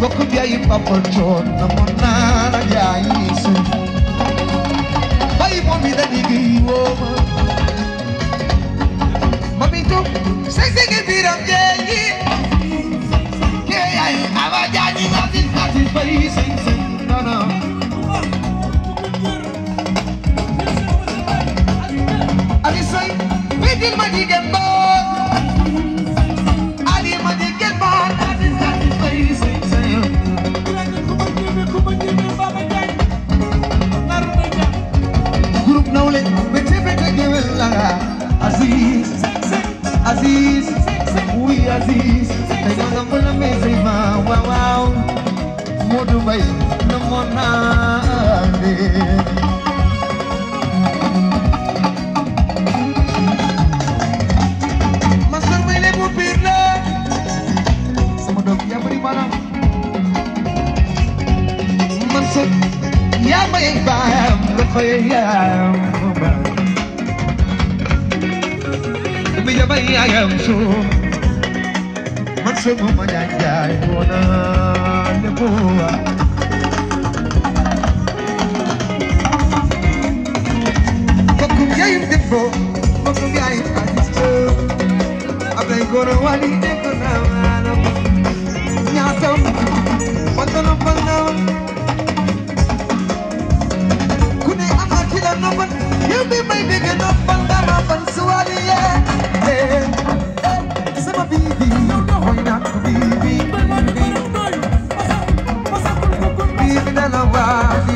bokk biayi papa coon namoon naa la jaay si bayi moom it a liggéey woo ma mami tuk say sege biram jeeyi ke yaay awa jaañi masin masin bayi sing sing nana bayam suba bija bayam su man su mo nyanjay wona ne boa kokum yayim defo kokum yayim adisto abay goro wali de ko na na nyatam pantanam pantanam ma nobody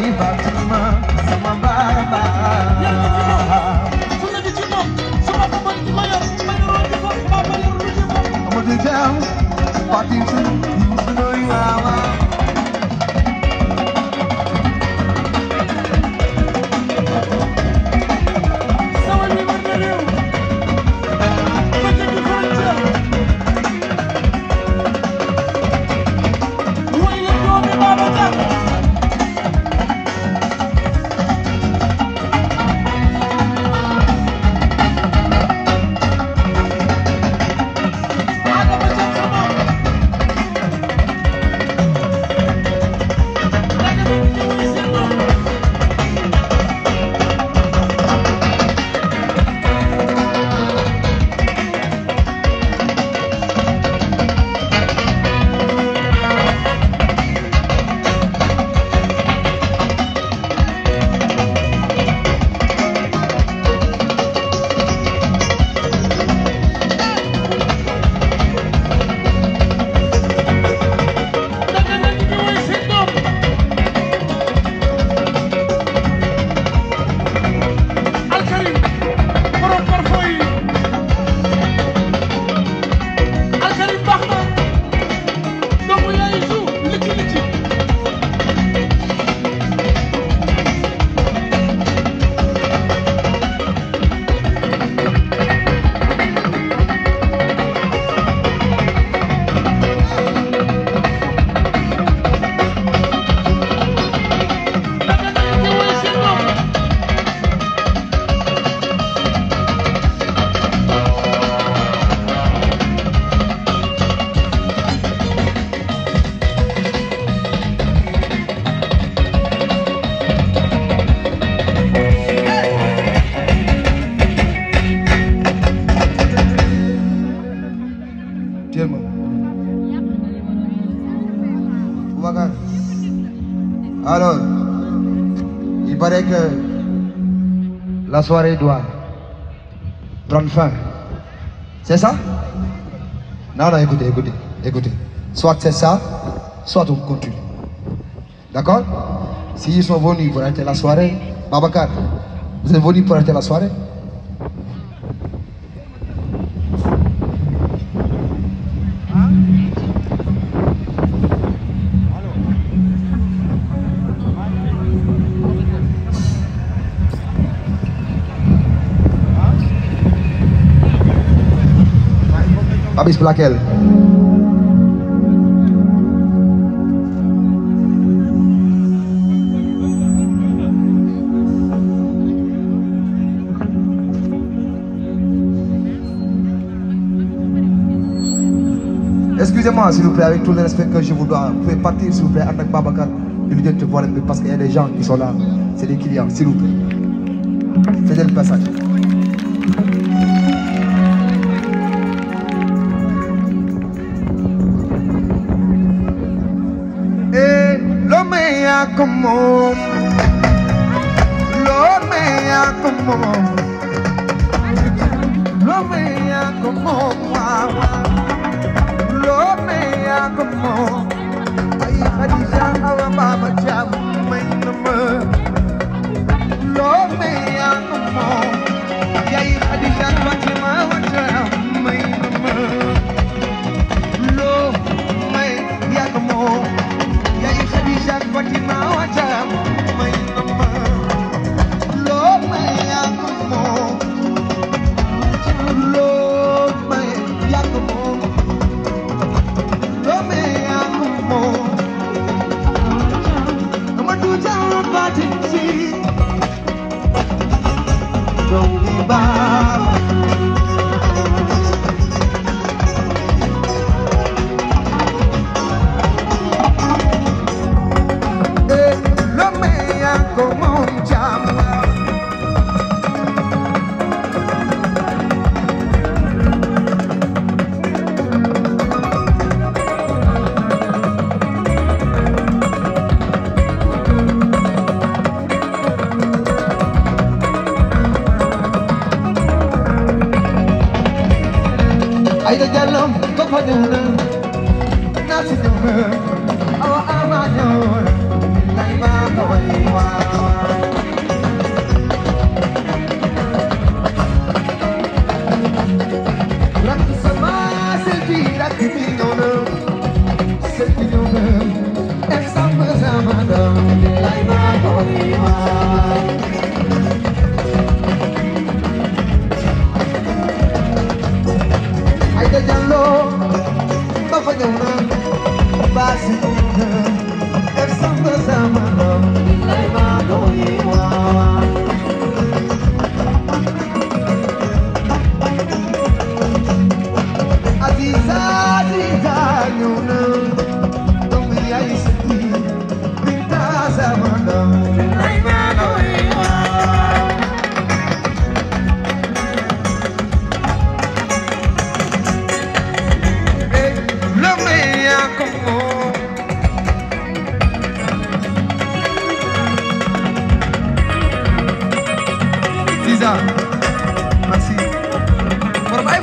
Bye. Il que la soirée doit prendre fin. C'est ça na non, écoutez, écoutez, écoutez. Soit c'est ça, soit on continue. D'accord S'ils sont venus pour arrêter la soirée, Babacar, vous êtes venus pour arrêter la soirée bis Black-L excusez tout le respect je vous dois vous pouvez partir s'il vous plaît ànd ak Babacar di lu jënd ci volet bi parce que y a des gens qui sont là c'est des clients s'il vous loo may yàq moom loo may yàq moom waaw loo may Baba Caam may na ma loo may yàq moom yay Xadija Fatima wa Caam Thank you.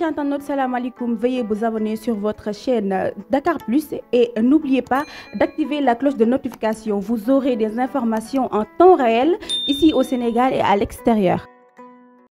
Amis internautes, salam alaikum. Veuillez vous abonner sur votre chaîne Dakar Plus et n'oubliez pas la cloche de notification. Vous aurez des informations en temps réel ici au Sénégal et l'extérieur.